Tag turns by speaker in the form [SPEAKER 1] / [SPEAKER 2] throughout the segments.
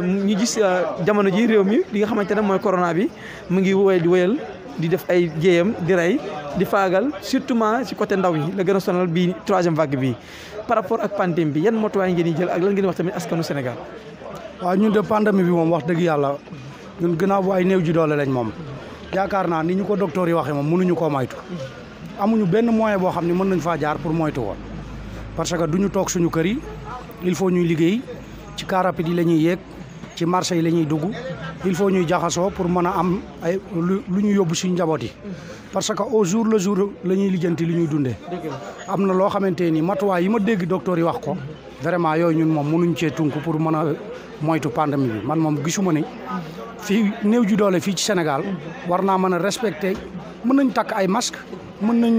[SPEAKER 1] Euh, ñu gis euh, jamono ji réew mi li nga xamante ne mooy corona bi mu ngi woyal di woyal di def ay jéyam di rey di faagal surtout ci côté ndaw ñi la gën a sonal bii troisième vague bii par rapport ak pandémie bi yan motuwaay ngeen di jël ak lan ngeen wax tamit askanu Sénégal.
[SPEAKER 2] waaw ñun de pandémie bi moom wax dëgg yàlla ñun gannaaw bu ay néew ji doole lañ moom yaakaar naa ni ñu ko docteur yi waxe moom mun mënuñu ko moytu amuñu benn moyen boo xam ne mën nañ faa jaar pour moytu woon parce que du ñu toog suñu kër yi il faut ñuy liggéey ci car rapide yi la ñuy yéeg ci marché yi la ñuy dugg il faut ñuy jaxasoo pour mën a am ay lu ñu yóbbu suñu njaboot yi parce que au jour le jour la ñuy lijjanti li ñuy dundee am na loo xamante ni matuwaay yi ma dégg docteur yi wax ko vraiment yooyu ñun moom mënuñ cee tunk pour mën a moytu pandémie bi man moom gisuma ni fii néew ju doole fii ci Sénégal war naa mën a respecter mën nañ takk ay masque mën nañ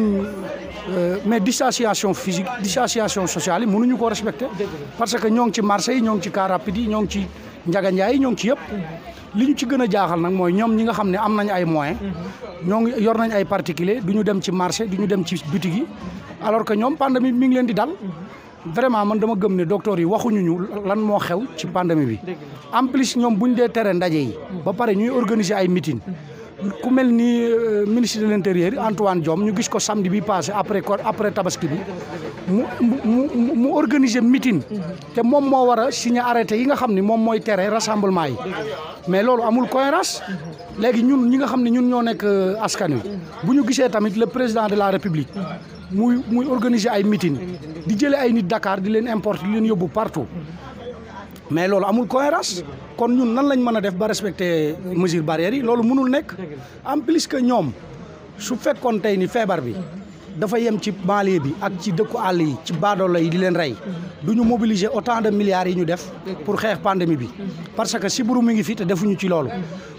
[SPEAKER 2] euh, mais distanciation physique distanciation u yi mënuñu ko respecter parce que ñoo ngi ci marché yi ñoo ngi ci car rapide yi ñoo ngi ci Njaga Njaay ñoo ngi ci yëpp li ñu ci gën a jaaxal nag mooy ñoom ñi nga xam ne am nañ ay moyens mhm. ñoo ngi yor nañ ay particulier du ñu dem ci marché du ñu dem ci boutique yi alors que ñoom pandémie mi ngi leen di dal mhm. vraiment man dama gëm ne docteur yi waxuñu ñu lan moo xew ci pandémie bi en plus ñoom buñ dee tere ndaje yi ba pare ñuy organiser ay meeting mhm. ku mel ni euh, ministre de l' intérieur Antoine Diome ñu gis ko samedi bi passé après après tabaski bi mu mu mu organiser meeting. Mhm. te moom moo war a signer arrêté yi nga xam ni moom mooy tere rassemblement yi. mais loolu amul cohérence. Mhm. léegi ñun ñi nga xam ne ñun ñoo nekk euh, askan wi. Mhm. bu ñu gisee tamit le président de la république. muy muy organiser ay meeting. di jëlee ay nit dakaar di leen importer di leen yóbbu partout. mais loolu amul cohérence kon ñun nan lañ mën a def ba respecter mesures barrières yi loolu mënul nekk en plus que ñoom su fekkoon tey ni feebar bi dafa yem ci banlieue bi ak ci dëkku àll yi ci baadoolo yi di leen rey du ñu mobiliser autant de milliards yi ñu def pour xeex pandémie bi parce que si buru mi ngi fi te defuñu ci loolu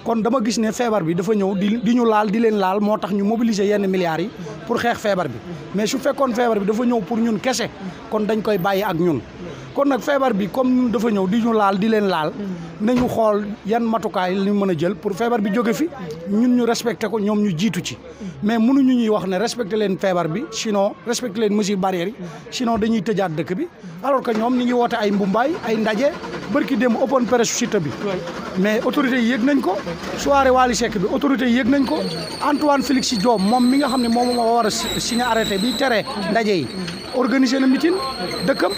[SPEAKER 2] kon dama gis ne feebar bi dafa ñëw di di ñu laal di leen laal moo tax ñu mobiliser yenn milliards yi pour xeex feebar bi mais su feebar bi dafa ñëw pour ñun kese kon dañ koy bàyyi ak ñun kon nag feebar bi comme dafa ñëw di ñu laal di leen laal mm-hmm. nañu xool yan matukaay lañu mën a jël pour feebar bi jóge fi mm-hmm. ñun ñu respecté ko ñoom ñu jiitu ci mm-hmm. mais mënuñu ñuy wax ne respecté leen feebar bi sinon respecté leen mesures barrières yi sinon dañuy tëjaat dëkk bi alors que ñoom ni ngi woote ay mbumbaay ay ndaje bërki démb open press site bi mais autorités yi yëg nañ ko soirée Wally Seck bi autorités yi yëg nañ ko Antoine si Diome moom mi nga xam ne moom moo war a signé arrêté bi tere ndaje yi organiser na meeting dëkkam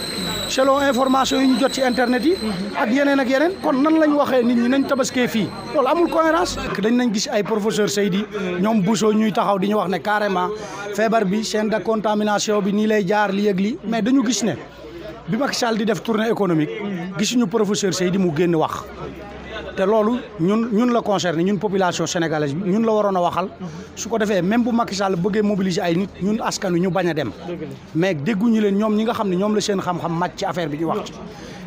[SPEAKER 2] selon information yi ñu jot ci internet yi ak yeneen ak yeneen kon nan lañ waxee nit ñi nañ tabaskee fii loolu amul cohérence dañ nañ gis ay professeur Seydi ñoom Bousso ñuy taxaw di ñu wax ne carrément feebar bi chaîne de contamination bi nii lay jaar li ak li mais dañu gis ne bi Macky Sall di def tournée économique gisuñu professeur Seydi mu génn wax te loolu ñun ñun la concerné ñun population sénégalaise bi ñun la waroon a waxal su ko defee même bu Macky Sall bëggee mobiliser ay nit ñun askanu ñu bañ a dem mais dégguñu leen ñoom ñi nga xam ne ñoom la seen xam-xam màcc ci affaire bi ñu wax ci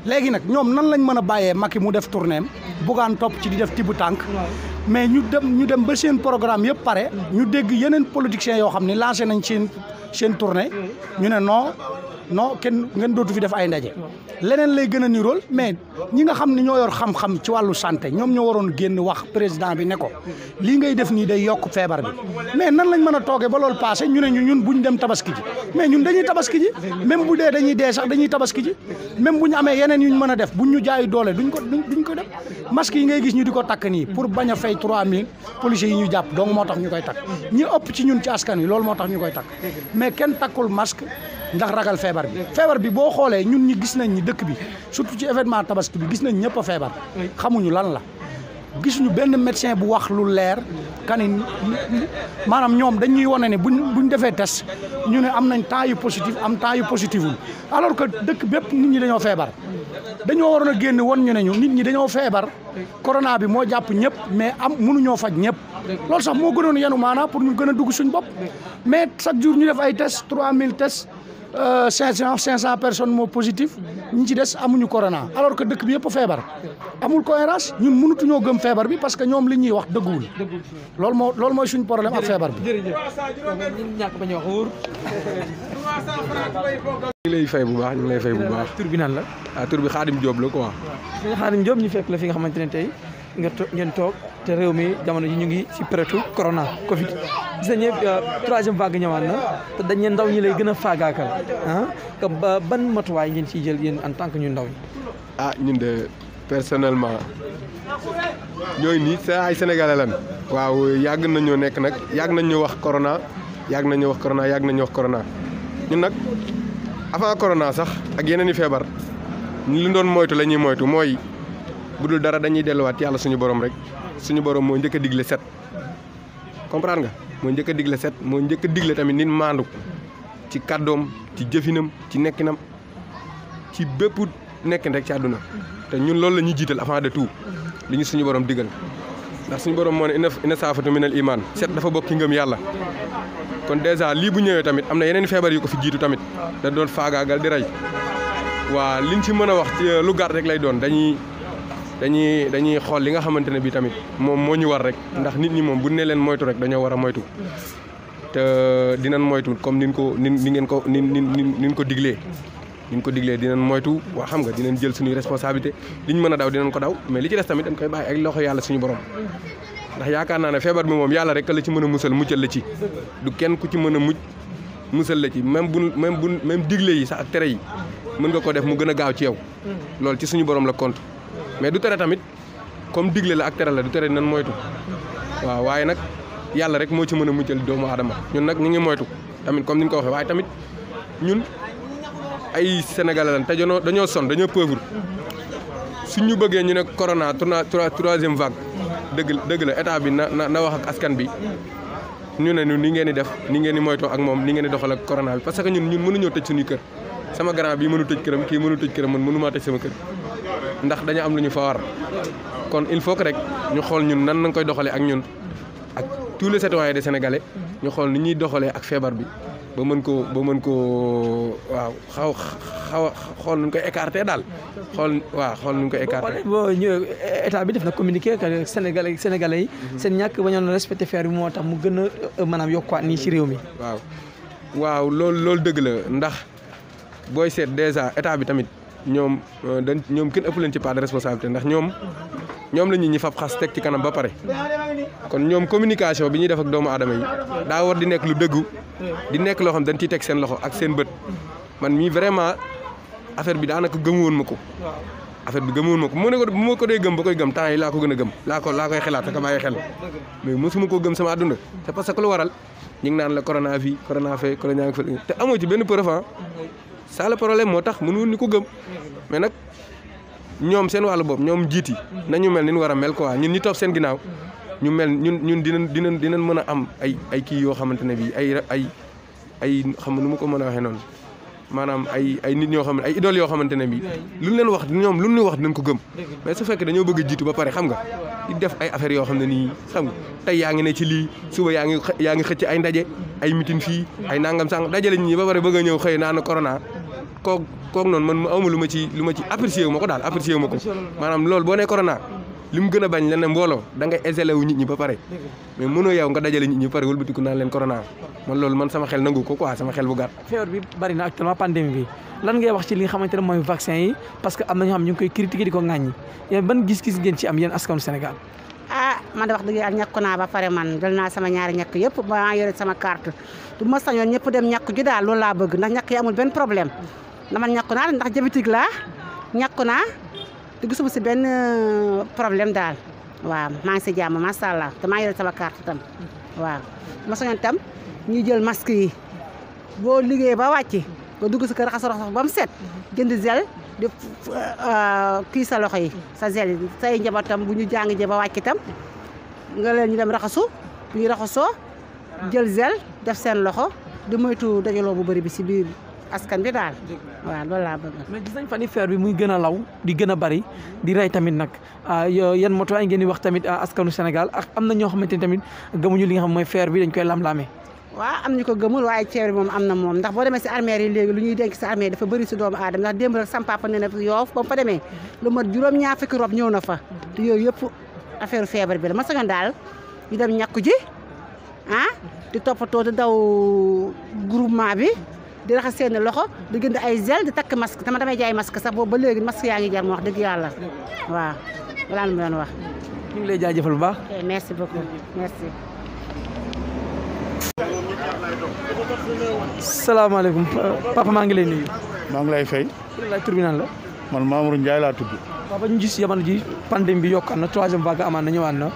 [SPEAKER 2] léegi nag ñoom nan lañ mën a bàyyee Macky mu def tournéem bugaan topp ci di def tibb tànk mais ñu dem ñu dem ba seen programme yëpp pare ñu dégg yeneen politiciens yoo xam ne lancé nañ seen seen tournée ñu ne noo non kenn ngeen dootu fi def ay ndaje leneen lay gën a nirool mais ñi nga xam ne ñoo yor xam-xam ci wàllu sante ñoom ñoo waroon génn wax président bi ne ko lii ngay def nii day yokk feebar bi mais nan lañ mën a toogee ba loolu passé ñu ne ñu ñun bu ñu dem tabaski ji mais ñun dañuy tabaski ji même bu dee dañuy dee sax dañuy tabaski ji même bu ñu amee yeneen ñu mën a def bu ñu jaayu doole duñ ko duñ ko def masque yi ngay gis ñu di ko takk nii pour bañ a fay 3000 policiers yi ñu jàpp donc moo tax ñu koy takk ñi ëpp ci ñun ci askan wi loolu moo tax ñu koy takk mais kenn takkul masque ndax ragal feebar bi feebar bi boo xoolee ñun ñi gis nañ ñi dëkk bi surtout ci événement tabaski bi gis nañ ñëpp a feebar xamuñu lan la gisuñu benn médecin bu wax lu leer kani maanaam ñoom dañuy wane ne bu ñu defee test ñu ne am nañ temps yu positif am temps yu positiful alors que dëkk bépp nit ñi dañoo feebar dañoo waroon a génn woon ñu ne ñu nit ñi dañoo feebar corona bi moo jàpp ñëpp mais am mënuñoo faj ñëpp loolu sax moo gënoon yenu maanaa pour ñu gën a dugg suñ bopp mais chaque jour ñu def ay test 3000 tests Euh, cinq cent cinq cent personne moo positif ñi ci des amuñu corona alors que dëkk bi yëpp feebar amul cohérence ñun ñoo gëm feebar bi parce que ñoom li ñuy wax dëgguwul lool moo loolu mooy suñu problème ak feebar bi.
[SPEAKER 1] ñu
[SPEAKER 3] ngi lay fay bu baax ñu ngi lay fay bu baax. tur la. ah tur bi Xaadim Diop la quoi. xaadim Diop
[SPEAKER 1] ñu fekk la fi nga xamante ne tey. nga ngeen toog te réew mi jamono ji ñu ngi si prétu corona Covid gis nañu euh, troisième vague ñëwaat na te dañ ne ndaw ñi lay gën a faagaakal ah
[SPEAKER 3] ba ban matuwaay ngeen ciy jël yéen en tant que ñu ndaw ñi. ah ñun de personnellement ñooy nii sa ay sénégalais lan waaw yàgg nañoo nekk nag yàgg nañ ñu wax corona yàgg nañ ñu wax corona yàgg nañ ñu wax corona ñun nag avant corona sax ak yeneen i feebar ñu li doon moytu la ñuy moytu mooy. bu dul dara dañuy delluwaat yàlla suñu borom rek suñu borom moo njëkk a digle set comprendre nga moo njëkk digle set moo njëkk a digle tamit nit maandu ci kàddoom ci jëfinam ci nekkinam ci bépp nekkin rek ci àdduna te ñun loolu la ñuy jiital avant de tout li ñu suñu borom digal ndax suñu borom moo ne ina saafatu minal imaan set dafa bokk ci ngëm yàlla kon dèjà lii bu ñëwee tamit am na yeneen feebar yu ko fi jiitu tamit da doon faagaagal di rey waa liñ ci mën a wax euh, lu gàtt rek lay doon dañuy dañuy dañuy xool li nga xamante ne bii tamit moom moo ñu war rek ndax nit ñi moom bu ne leen moytu rek dañoo war a moytu te dinañ moytu comme nin ko nin ni ngeen ko nin nin nin ko diglee ni ñu ko diglee dinañ moytu waa xam nga dinañ jël suñuy responsabilité liñ mën a daw dinañ ko daw mais li ci des tamit dañ koy bàyyi ak loxo yàlla suñu borom ndax yaakaar naa ne feebar bi moom yàlla rek la ci mën a musal muccal la ci du kenn ku ci mën a mucc musal la ci même bu même bu même digle yi sax ak tere yi mën nga ko def mu gën a gaaw ci yow loolu ci suñu borom la compte mais du tere tamit comme digle la ak tere la du tere nan moytu waaw waaye nag yàlla rek moo ci mën a mujjal doomu aadama ñun nag ñu ngi moytu tamit comme ni nga ko waxee waaye tamit ñun ay sénégalais lañ te dañoo dañoo son dañoo pauvre su ñu bëggee ñu ne corona troisième vague dëgg dëgg la état bi na na wax ak askan bi ñu ne ni ngeen di def ni ngeen di ak moom ni ngeen di doxal ak corona bi parce que ñun ñun mënuñoo tëj suñuy kër sama grand bi mënu tëj këram kii mënu ndax dañu am lu ñu fa kon il faut que rek ñu xool ñun nan nañ koy doxalee ak ñun ak tous les citoyens de sénégalais ñu xool ni ñuy doxalee ak feebar bi ba mën koo ba mën koo waaw xaw xaw a xool nuñ koy écarté daal xool waaw xool nuñ koy écarté boo
[SPEAKER 1] ñëw état bi def na communiqué que sénégalais sénégalais yi mhm. seen ñàkk ba na respecté feer bi moo tax mu gën
[SPEAKER 3] a euh, maanaam yokkuwaat nii ci réew mi waaw waaw loolu loolu dëgg la ndax booy seet dèjà état bi tamit ñoom euh, dañ ñoom kenn ëpp leen ci part de responsabilité ndax ñoom ñoom la ñuy ñi fab xas teg ci kanam ba pare kon ñoom communication bi ñuy def ak doomu adama yi daa war di nekk lu dëggu di nekk loo xam dañ ciy teg seen loxo ak seen bët man mii vraiment affaire bi daanaka gëm woon ma ko affaire bi gëm woon ma ko mu ma ko dee gëm ba koy gëm temps yi laa ko gën a gëm laa laa koy xalaat ak bàyyi xel mais mosuma koo gëm sama àdduna c'est parce que lu waral ñu ngi naan la corona fii corona fee corona te amoo ci ça le problème moo tax mënu ñu ko gëm mais nag ñoom seen wàllu bopp ñoom jiiti nañu mel ni ñu war a mel quoi ñun ñu topp seen ginnaaw ñu mel ñun ñun dinañ dinañ dinañ mën a am ay ay kii yoo xamante ne bii ay ay ay xam nu mu ko mën a waxee noonu maanaam ay ay nit ñoo xam ne ay idole yoo xamante ne lu ñu leen wax ñoom lu ñu wax dinañ ko gëm mais su fekkee dañoo bëgg a jiitu ba pare xam nga di def ay affaires yoo xam ne nii xam nga tey yaa ngi ne ci lii suba yaa ngi yaa ngi xëcc ay ndaje ay mitin fii ay nangam sàng dajale ñi ba pare bëgg a ñëw xëy naa na corona kook kook noonu man mu amul lu ma ci lu ma ci apprécié wu ma ko daal apprécié wu ma ko maanaam lool boo nee corona li mu gën a bañ la ne mbooloo da ngay isolé wu ñi ba pare mais mënoo yow nga dajale nit ñi ba pare wëlbatiku naan leen corona man loolu man sama xel nangu ko quoi sama xel bu gàtt. feebar bi bari na actuellement pandémie
[SPEAKER 1] bi lan ngay wax ci li nga xamante ne mooy vaccin yi parce que am na ñoo xam ñu ngi koy critiquer di ko ŋàññi yéen ban gis-gis ngeen ci am yéen askanu Sénégal
[SPEAKER 4] ah man de wax dëgg yàlla ñàkku naa ba pare man jël naa sama ñaari ñàkk yëpp maa yore sama carte du ma sañoon ñëpp dem ñàkk ji daal lool laa bëgg ndax ñàkk yi amul benn problème ndax man ñàkku naa ndax jabitig laa ñàkku naa te gisuma si benn euh, problème daal waaw maa ngi si jàmm macha allah te maa yore sama carte tam waaw ma sañoon tam ñuy jël masque yi boo liggéey ba wàcc nga dugg si kër raxas ba mu set jënd gel di euh, kii sa loxo yi sa gel say njabootam bu ñu jàng jee ba wàcc itam nga leen ñu dem raxasu bu ñu raxasoo jël gel def seen loxo di moytu dajaloo bu bari bi si biir askan bi daal waaw loolu laa bëgg
[SPEAKER 1] mais gis nañ fan yi feer bi muy gën a law di gën a bari di rey tamit nag ah, yan moto ay ngeen wax tamit a ah, askanu Sénégal ak am na ñoo xamante ni tamit gëmuñu li nga xam mooy feer bi dañ koy lam-laamee
[SPEAKER 4] waaw am ñu ko gëmul waaye ceeb moom am na moom ndax boo demee si armeer yi léegi lu ñuy denk si armeer dafa bëri si doomu aadama ndax démb rek sam papa ne na yoof ba mu fa demee lu mat juróom-ñaar fukki rob ñëw na fa te yooyu yëpp affaire feebar bi la ma daal ñu dem ñàkku ji ah di toppatoo di daw groupement bi di raxas seen loxo di gënd ay gel di takk masque dama damay jaay masque sax boobu ba léegi masque yaa ngi jar ma wax dëgg yàlla waaw. wala mu doon wax. ñu ngi lay jaajëfal bu baax. merci beaucoup merci.
[SPEAKER 5] salaamaaleykum papa maa ngi lay nuyu. maa ngi lay fay. laaj la. man Mamour Ndiaye laa tudd.
[SPEAKER 1] papa ñu gis jamono ji pandémie bi yokk na troisième vague amaan na ñëwaat na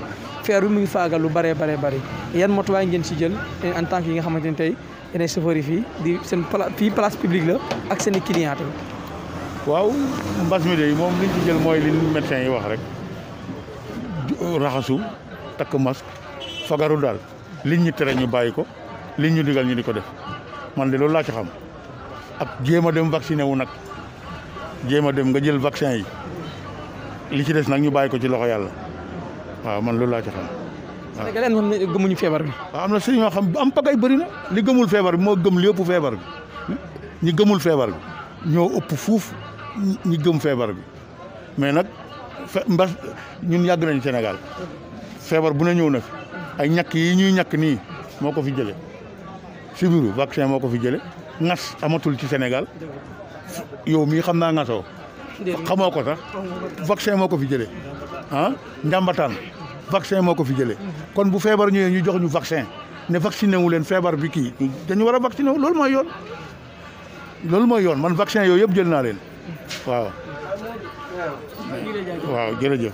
[SPEAKER 1] feer bi mu ngi faagal lu baree baree bari yan motuwaay ngeen si jël en tant que yi nga xamante ne tey yéenay chauffeur yi fii di seen fii place publique la ak seen i
[SPEAKER 5] client waaw mbas mi de moom liñ ci jël mooy li médecin yi wax rek raxasu takk masque fagaru daal li ñi tere ñu bàyyi ko. li ñu digal ñu di ko def man de loolu laa ci xam ak jéem a dem vacciné wu nag jéem a dem nga jël vaccin yi li ci des nag ñu bàyyi ko ci loxo yàlla waaw man loolu laa xam. waaw Sénégalais am na gëmuñu feebar bi. am na si ñoo xam am pagay bëri na li gëmul feebar bi moo gëm li ëpp feebar bi ñi gëmul feebar bi ñoo ëpp fuuf ñu gëm feebar bi mais nag mbas ñun yàgg nañ Sénégal feebar bu ne ñëw na fi ay ñàkk yi ñuy ñàkk nii moo ko fi jëlee. sibiru vaccin moo ko fi jële ngas amatul ci Sénégal yow mii xam naa ngasoo xamoo ko sax vaccin moo ko fi jële ah njàmbataan vaccin moo ko fi jële kon bu feebar ñëwee ñu jox ñu vaccin ne vacciné wu leen feebar bi kii dañu war a vacciné wu loolu mooy yoon loolu mooy yoon man vaccin yooyu yëpp jël naa leen waaw
[SPEAKER 4] waaw jërëjëf